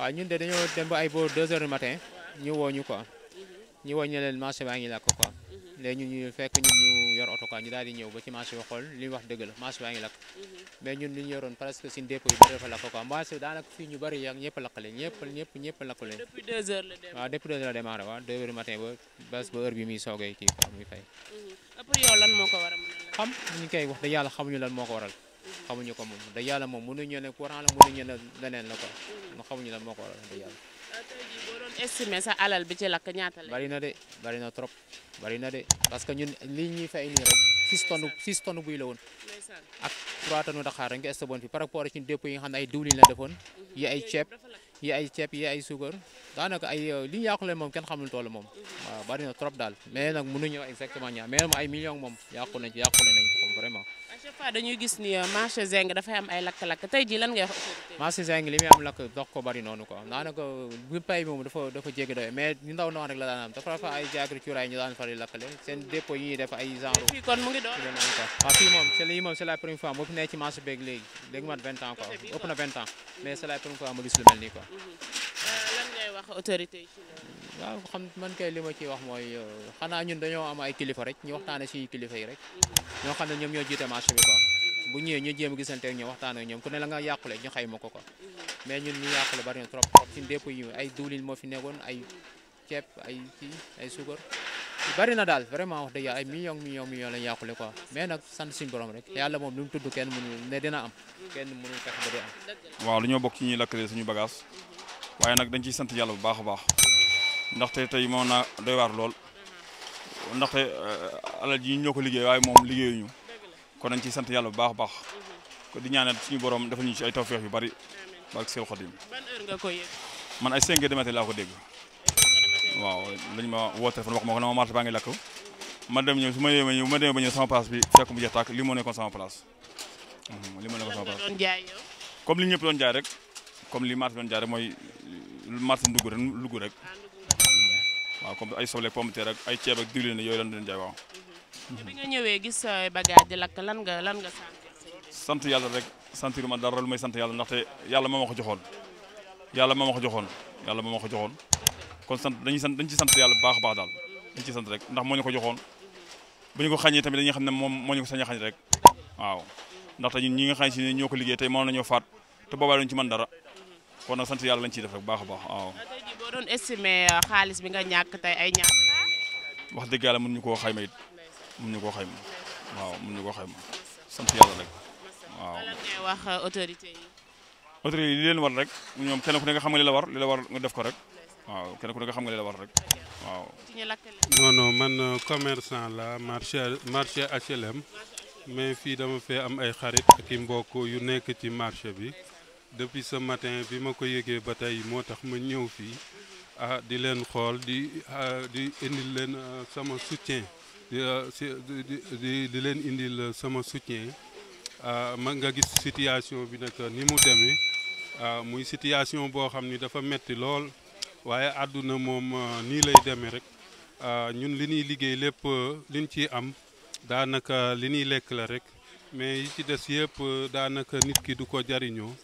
waaw ñun de dañoo dem ba ay booru deux heures du matin ñu woo ñu ñu woo leen marché baa ngi làkk quoi mhm. léegi ñu fekk ñun ñu yor oto quoi ñu daal di ñëw ba ci marché bi xool li ñu wax dëgg la marché baa ngi lakk mhm. mais ñun li ñu yoroon presque suñu dépôt yi bari dafa lakk quoi marché bi leen ñëpp lakk leen depuis deux heures la démarré waaw depuis deux du matin ba heure bi muy soogay kii quoi muy fay. Mhm. pour yow moo ko waral. lan moo ko waral xamuñu ko moom da yàlla moom mënuñu ne courant la mënuñu ne leneen la quoi mu xamuñu la moo ko waral da yàlla euh, tey sa alal bi ci lakk ñaata la bari na de bari na trop bari na de parce que ñun li ñuy fay nii rek six tonnes buy la woon ak trois tonnes daxaar dañ ko estaboon fi par rapport ci dépôt yi nga xam ne ay diwlin la defoon mhm. yi ay ceeb yi ay ceeb yi ay suukar daanaka ay euh, li ñu yàqule moom kenn xamul toolu moom mhm. waaw bari na trop daal mais nag mënuñu exactement ñaar mais ay millions moom yàqu nañ ci yàqule nañ ko chaque fois dañuy gis ni euh, marché Zing dafay am ay lakk-lakk tey jii lan ngay wax marché Zing li am lakk dox ko bari noonu quoi daanaka bu pay moom dafa dafa jéggi doy mais ñu ndaw noonu rek la daan am dafa fa ay jaagri cuuraay ñu daan fari lakkale seen dépôt yi ñuy def ay genre fii mu ngi doon waaw fii moom c'est lii moom c'est marché beeg léegi léegi ans quoi ëpp na 20 ans mhm. mais c'est la première fois ma gis lu mel nii quoi mhm. autorité yi ci waaw xam man kay li ma ciy wax mooy euh, xanaa ñun dañoo am ay kilifa rek ñu si suñu kilifa yi rek. ñoo xam ne ñoom ñoo jiite marché bi bu ñëwee ñu jéem a gisante ak ñoom waxtaan ak ñoom ku ne la nga yàqule ñu xayma ko quoi. mais ñun ñu yàqule bari na trop trop ci dépôt yi ay diwlin moo fi nekkoon ay ceeb ay kii ay suukar. bari na daal vraiment wax dëgg yàlla ay millions millions millions lañ yàqule ko mais nag sant suñu borom rek yàlla moom nu mu tudd kenn mënu ne dina am kenn mënu fexe ba di am waaw dañoo bokk ci ñuy lakkale suñu bagage waaye nag dañ ci sant yàlla bu baax baax ndaxte tey moom naa doy waar lool ndaxte eh, alal ji ñoo ko liggéey waaye moom ñu kon dañ ci sant yàlla bu baax a baax ko di ñaanal suñu borom defal ñu ci ay tawféex yu bari barke Seex Xaadim man ay 5 heures du matin laa ko dégg waaw lañ ma woo téléphone wax ma ko ne ma marché baa ngi lakk ma dem ñëw su ma yéeme ñëw ma demee ba ñëw sama place bi fekk mu jeex tàkk li moo nekkoon sama place hmm, li moo nekkoon sama place comme li ñëpp doon jaay marché ndugg rek lugg rek waaw comme ay soble pomme de terre ak ay ceeb ak diwlin yooyu lan doon jaay waaw. Mhm. bi nga ñëwee gis sa bagage di lakk lan nga lan nga sant yàlla rek sentir ma dara lu may sant yàlla ndaxte yàlla moo ma ko joxoon yàlla moo ma ko ma ko joxoon kon sant dañuy sant ci sant yàlla baax a baax daal dañ ci sant rek ndax moo ñu ko joxoon bu ñu ko xàññee tamit dañuy xam ne moom moo ñu ko sañ a xàññ rek waaw ndaxte ñun ñi nga xam si ñoo ko liggéey tey moom la ñoo faat te boobaa duñ ci mën dara kon nag sant yàlla lañ ciy def rek baax a baax waaw. tey jii boo euh, xaalis bi nga ñàkk tey ay ñaata wax dëgg yàlla mun ñu ko it mënuñu koo xayma waaw mënuñu ko xayma sant yàlla rek waaw. Euh, yi. autorité yi li leen war rek ñoom kenn ku ne nga xam nga li la war li la war nga def ko rek waaw kenn ku ne nga xam nga li la war rek waaw. man euh, commerçant la marché marché HLM mais fii dama fee am ay xarit ak i mbokk yu nekk ci marché bi. depuis sa matin bi ma ko yëgee ba tey moo tax ma ñëw fii ah di leen xool di ah, di indil leen ah, sama soutien di ah, di leen indil sama soutien ma nga gis situation bi nag ni mu demee muy situation boo xam ni dafa metti lool waaye àdduna moom nii lay demee rek ñun li ñuy liggéey lépp liñ ci am daanaka li ñuy lekk la rek mais yi ci des yëpp daanaka nit ki du ko jariñoo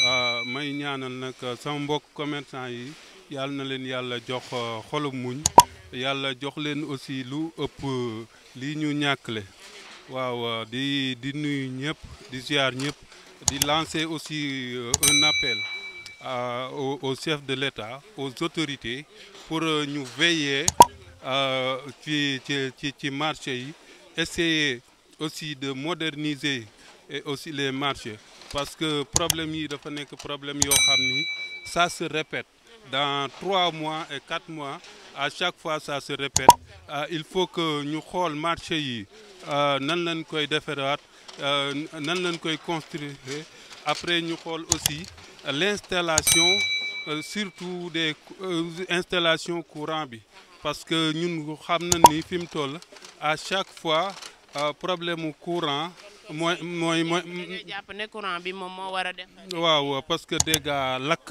Euh, may ñaanal nag sama mbokk commerçant yi yàlla na leen yàlla jox euh, xolum muñ yàlla jox leen aussi lu ëpp euh, li ñu ñàkkle waaw di di nuyu ñëpp di ziar ñëpp di lancé aussi un appel au au chef de l'État aux autorités pour ñu veiller ci ci ci ci marché yi essayer aussi de moderniser et aussi les marchés parce que problème yi dafa nekk problème yoo xam ni ça se répète dans trois mois et quatre mois à chaque fois ça se répète euh, il faut que ñu xool marché yi euh, nan lañ koy defaraat euh, nan lañ koy construire après ñu xool aussi l'installation surtout des installations courant bi parce que ñun xam na ni fi mu toll à chaque fois problème mu courant mooy mooy mooy. jàpp ne courant bi moom moo war a def. waaw parce que dégg nga lakk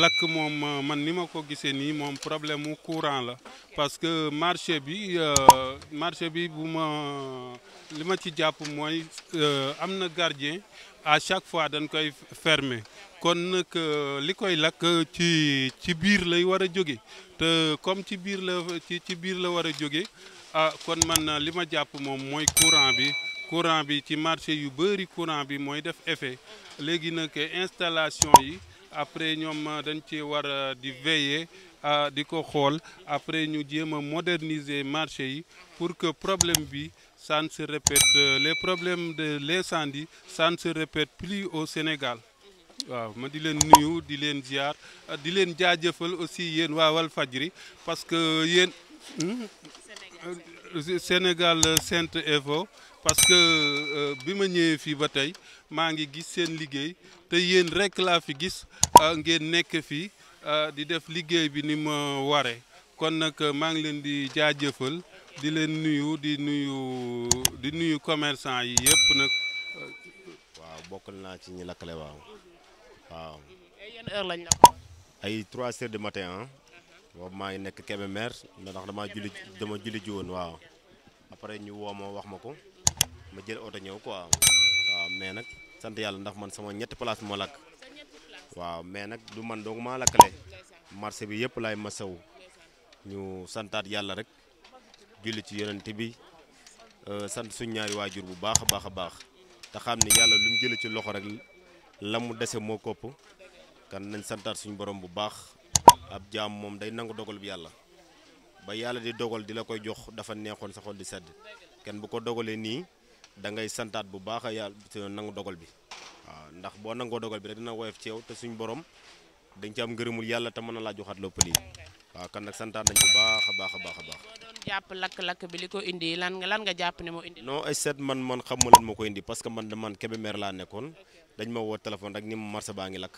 lakk moom man ni ma ko gisee nii moom problème mu courant la parce que marché bi euh, marché bi bu ma li ma ci jàpp mooy euh, am na gardien à chaque fois dañ koy fermer kon nag euh, li koy lakk ci ci biir lay war a jóge te comme ci biir la ci ci biir la war a jóge ah kon man li ma jàpp moom mooy courant bi. courant bi ci marché yu bëri courant bi mooy def effet léegi nag installation yi après ñoom dañ ci war a di veiller di ko xool après ñu jéem a moderniser marché yi pour que problème bi ça se répète les problèmes de l'incendie ça ne se répète plus au Sénégal waaw ma di leen nuyu di leen ziar di leen jaajëfal aussi yéen waa Walfadjri parce que yéen hmm? Euh, Sénégal euh, Sainte Info parce que euh, bi ma ñëwee fii ba tey maa ngi gis seen liggéey te yéen rek laa fi gis ngeen nekk fii di def liggéey bi ni ma waree kon nag maa ngi leen di jaajëfal di leen nuyu di nuyu di nuyu commerçant yi yëpp nag. waaw bokk naa ci ñi lakkale waaw waaw. ay 3 heures boobu maa ngi nekk Kébémer ndax damaa julli dama julli ji woon waaw après ñu woo ma wax ma ko ma jël oto ñëw quoi waaw mais nag sant yàlla ndax man sama ñetti place ma lakk waaw mais nag du man dong maa lakkale marché bi yëpp laay sew ñu santaat yàlla rek julli ci yonent bi euh, sant suñ ñaari waajur bu baax a baax a baax te xam ne yàlla lu mu ci loxo rek la mu dese moo kopp kan nañ santaat suñu borom bu baax. ab jaam moom day nangu dogal bi yàlla ba yàlla di dogal di la koy jox dafa neexoon sa xol di sedd kenn bu ko dogalee nii da ngay santaat bu baax a yàlla nangu dogal bi waaw ndax boo nangoo dogal bi rek dina woyof ci yow te suñ borom dañ ci am ngërëmul yàlla te mën laa joxaat lépp lii waaw kan nag santaat nañ bu baax a baax a baax a baax. jàpp lakk-lakk bi li ko indi lan nga lan nga jàpp ne moo indi. non ay seet man man xam ma lan moo ko indi parce que man man Kébémer laa nekkoon dañ ma woo téléphone rek ni ma marché baa ngi lakk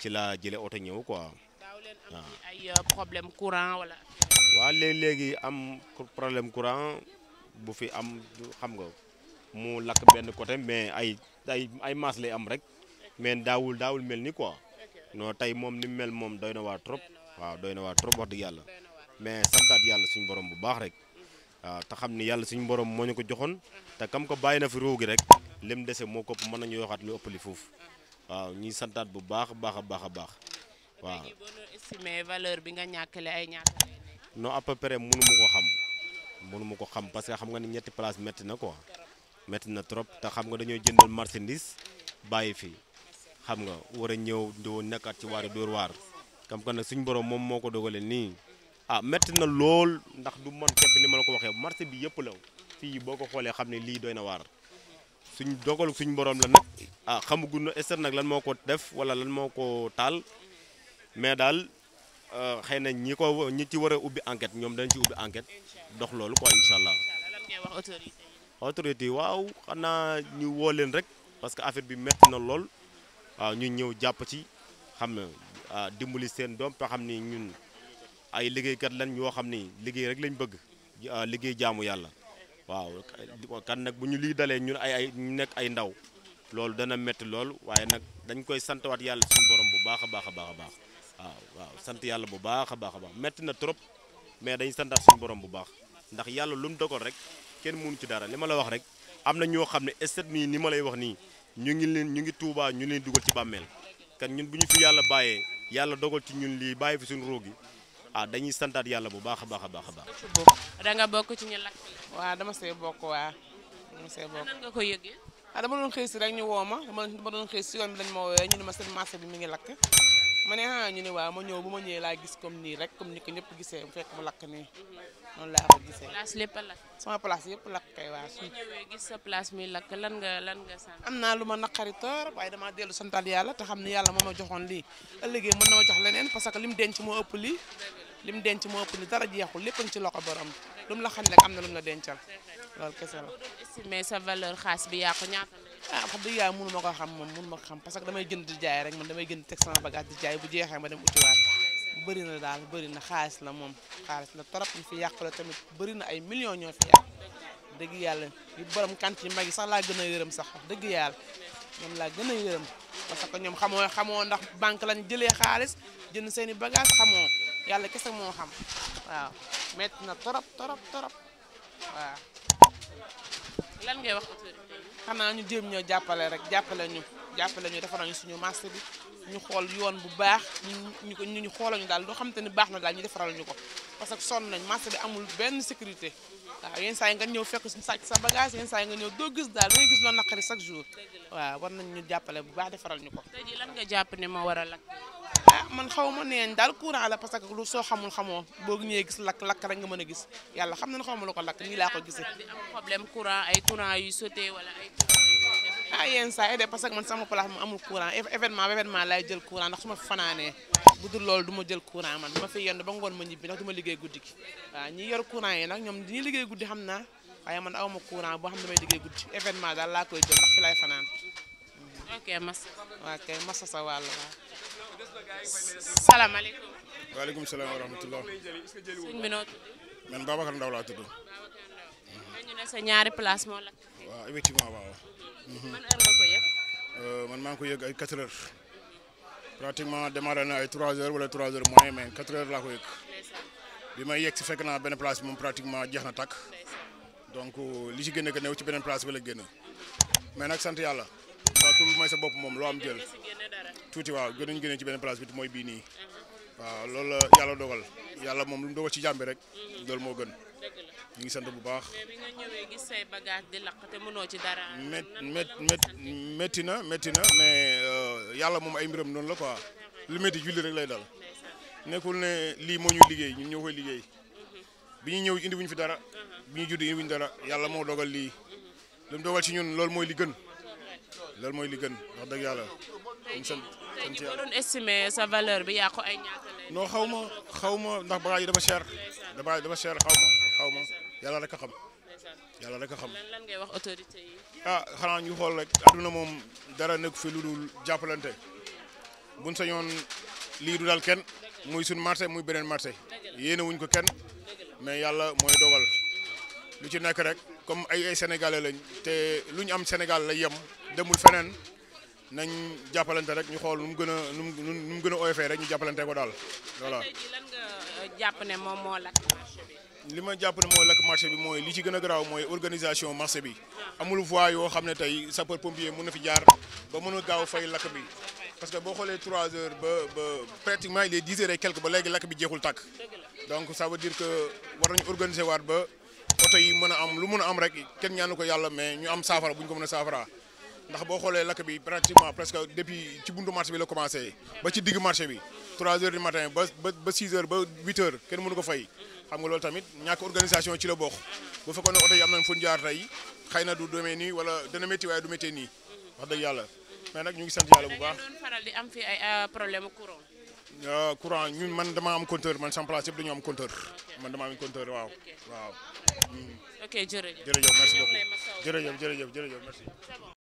ci laa jëlee oto ñëw quoi. ay euh, problème courant wala. waaw léegi-léegi am problème courant bu fi am xam nga mu lakk benn côté mais ay ay ay masse lay am rek mais daawul daawul mel ni quoi noo tey moom ni mel moom doy na waa trop waaw doy na waa trop wax dëgg yàlla mais santaat yàlla suñ borom bu baax rek waaw mhm. ah, te xam ni yàlla suñu borom moo ñu ko joxoon mhm. te kam ko bàyyi na fi réew gi rek lim dese moo ko mën nañu waxaat lu ëpp li foofu mhm. waaw ñuy santaat bu baax a baax a baax a baax. waaw léegi boo doon estimer valeur bi nga ñàkkale ay ñaata lay nekk non à peu ko xam mënu ma ko xam parce que xam nga ni ñetti place métti na ko métti na trop te xam nga dañoo jëndal marchandise bàyyi fii xam nga war a ñëw do nekkaat ci waaru dóor waar kam kan nag suñu borom moom moo ko dogalee nii ah métti na lool ndax du man képp ni ma la ko waxee marché bi yëpp la fii boo ko xoolee xam ne lii dooy na waar suñ dogalu suñ borom la nag ah xamaguñu est nag lan moo ko def wala lan moo ko taal mais daal euh, xëy na ñi ko ñi ci war ubbi enquête ñoom dañ ci ubbi enquête dox loolu ko incha allah. autorité yi waaw xanaa ñu woo leen rek parce que affaire bi metti na lool waaw ñu ñëw jàpp ci xam na ah, dimbali seen doom ba xam ni ñun ay liggéeykat lañ yoo xam ni liggéey rek lañ bëgg ah, liggéey jaamu yàlla waaw kan nag bu ñu lii dalee ñun ay ay ñu nekk ay ndaw loolu dana metti loolu waaye nag dañ koy santwaat yàlla suñu borom bu baax a baax a baax a baax waaw waaw sant yàlla bu baax a baax a baax metti na trop mais dañuy santaat suñu borom bu baax ndax yàlla lu mu dogal rek kenn mënu ci dara li ma la wax rek am na ñoo xam ne estet nii ni ma lay wax nii ñu ngi leen ñu ngi tuubaa ñu leen dugal ci bàmmeel kan ñun bu ñu fi yàlla bàyyee yàlla dogal ci ñun lii bàyyi fi suñu róog yi ah dañuy santaat yàlla bu baax a baax a baax a baax. da nga bokk ci ñu lakk. waaw dama see bokk waa dama see ko yëgee. ah dama doon xëy si rek ñu woo ma dama doon xëy si yoon bi lañ ma woowee ñu ne ma seen marché bi mi ngi lakk. ma ne ah ñu ne waaw ma ñëw bu ma ñëwee laa gis comme nii rek comme ni ko ñëpp gisee mu fekk mu lakk nii noonu laa ko gisee. a lakk. sa place muy lakk lan lu ma naqari waaye damaa dellu santal yàlla te xam ne yàlla moo ma joxoon lii ëllëgee mën na ma jox leneen parce que lim denc moo ëpp lii. lim denc moo ëpp lii dara jeexul lépp ci loxo borom lu mu la xañ rek am na lu la dencal. loolu kese la. mais sa valeur xaas bi yaa ko ñaata ah wax dëgg yàlla mënu ma ko xam moom mënu ma ko xam parce que damay jënd di jaay rek man damay jënd teg sama di jaay bu jeexee ma dem utiwaat bëri na daal bëri na xaalis la moom xaalis la trop ñu fi yàqule tamit bari na ay million ñoo fi yàq dëgg yàlla yu borom kant yi mag yi sax laa gën a yërëm sax wax dëgg yàlla ñoom laa gën a yërëm parce que ñoom xamoo xamoo ndax banque lañ jëlee xaalis jën seeni i bagage xamoo yàlla kese moo xam waaw metti na torop torop torop lan ngay wax xanaa ñu jéem ñoo jàppale rek jàppale ñu jàppale ñu defaral ñu suñu marché bi ñu xool yoon bu baax ñu ñu ñu xoolal ñu daal loo xam te ne baax na daal ñu defaral ñu ko parce que sonn nañ marché bi amul benn sécurité waaw yenn saa nga ñëw fekk suñu sàcc sa bagage yenn saa nga ñëw doo gis daal doo gis loo naqari chaque jour waaw war nañ ñu jàppale bu baax defaral ñu ko. tey jii lan nga jàpp ne moo waral ak ah man xaw ma neen daal courant la parce que lu soo xamul xamoo boo ñëwee gis lakk lakk rek nga mën a gis yàlla xam na ne xaw ma lu ko lakk nii laa ko gisee. problème courant ay courant yu sauté wala ay. ah yenn que man sama place mu amul courant événement événement laay jël courant ndax su ma fanaanee bu dul loolu man dama fi yendu ba ngoon ma ñibbi ndax du ma liggéey yi nag ñoom dañuy liggéey guddi xam naa waaye man awma courant boo xam damay liggéey guddi événement daal laa koy jël ndax fi lay fanaan. ok Massa. waaw kay salaamaaleykum. waaleykum salaam wa rahmatulah. sëñ bi noo tudd. man Babacar Ndaw laa tudd. ñaari place la. waaw effectivement waaw. man mhm. ko yëg. Euh, man maa ngi ko yëg ay 4 heures. pratiquement démarré na ay 3 heures wala 3 heures moins mais 4 heures laa ko yëg. bi may yegg si fekk naa benn place bi moom pratiquement jeex na takk donc li ci génne que néew ci beneen place ba la génn. mais nag sant yàlla. waaw ku may sa bopp moom loo am jël tuuti waaw gënuñ gënee ci benn place bi mooy bii nii waaw lool la yàlla dogal yàlla moom lu mu dogal ci jàmbi rek loolu moo gën ngi sant bu baax. mais bi nga na métti na euh, yàlla moom ay mbiram la quoi lu métti julli rek lay dal nekkul ne lii moo ñu liggéey ñu ñëw koy liggéey bi ñu ñëw indi wuñ fi dara bi ñu judd indi dara yàlla moo dogal lii lu mu dogal ci ñun loolu mooy li gën. loolu mooy li gën wax dëgg yàlla. dañ sant sant yàlla tey ko doon estimer sa valeur xaw ma xaw ma ndax bagage yi dafa cher. bagage yi dafa cher xaw ma xaw ma yàlla rek a xam. yàlla rek a xam lan wax autorité yi. Ah, xanaa ñu xool rek àdduna moom dara nekk fi lu dul jàppalante buñ sañoon lii du dal kenn muy suñ marché muy beneen marché yéene wuñ ko kenn mais yàlla mooy dogal lu ci nekk rek. comme ay ay sénégalais lañ te lu ñu am Sénégal la yem demul feneen nañ jàppalante rek ñu xool nu mu gën a nu mu nu mu gën a oyofee rek ñu jàppalante ko daal voilà. Euh, jàpp ne moom moo lakk li ma jàpp ne moo lakk marché bi mooy li ci gën a garaaw mooy organisation marché bi ah. amul voie yoo xam ne tey sa sapeur pompier mun na fi jaar ba mën a gaaw fay lakk bi. parce que boo xoolee trois heures ba ba pratiquement il est 10 heures ba léegi lakk bi jeexul tàkk donc sa veut dire que war nañu organiser waat ba. oto yi mën a am lu mën a am rek kenn ñaanu ko yàlla mais ñu am saafara bu ñu ko mën a saafara ndax boo xoolee lakk bi pratiquement presque depuis ci buntu marché bi la commencé ba ci digg marché bi 3 heures du matin ba ba ba heures ba 8 heures kenn mënu ko fay xam nga loolu tamit ñàkk organisation ci la bokk bu fekkoon ne oto yi am nañ fu ñu jaar xëy na du demee nii wala dana métti waaye du méttee nii wax dëgg yàlla mais nag ñu ngi sant yàlla bu baax. am fi ay euh, problème courant. Euh, courant ñun man dama am compteur man sama place yëpp dañu am compteur man dama am compteur waaw waaw. ok jërëjëf jërëjëf merci beaucoup jërëjëf jërëjëf jërëjëf merci.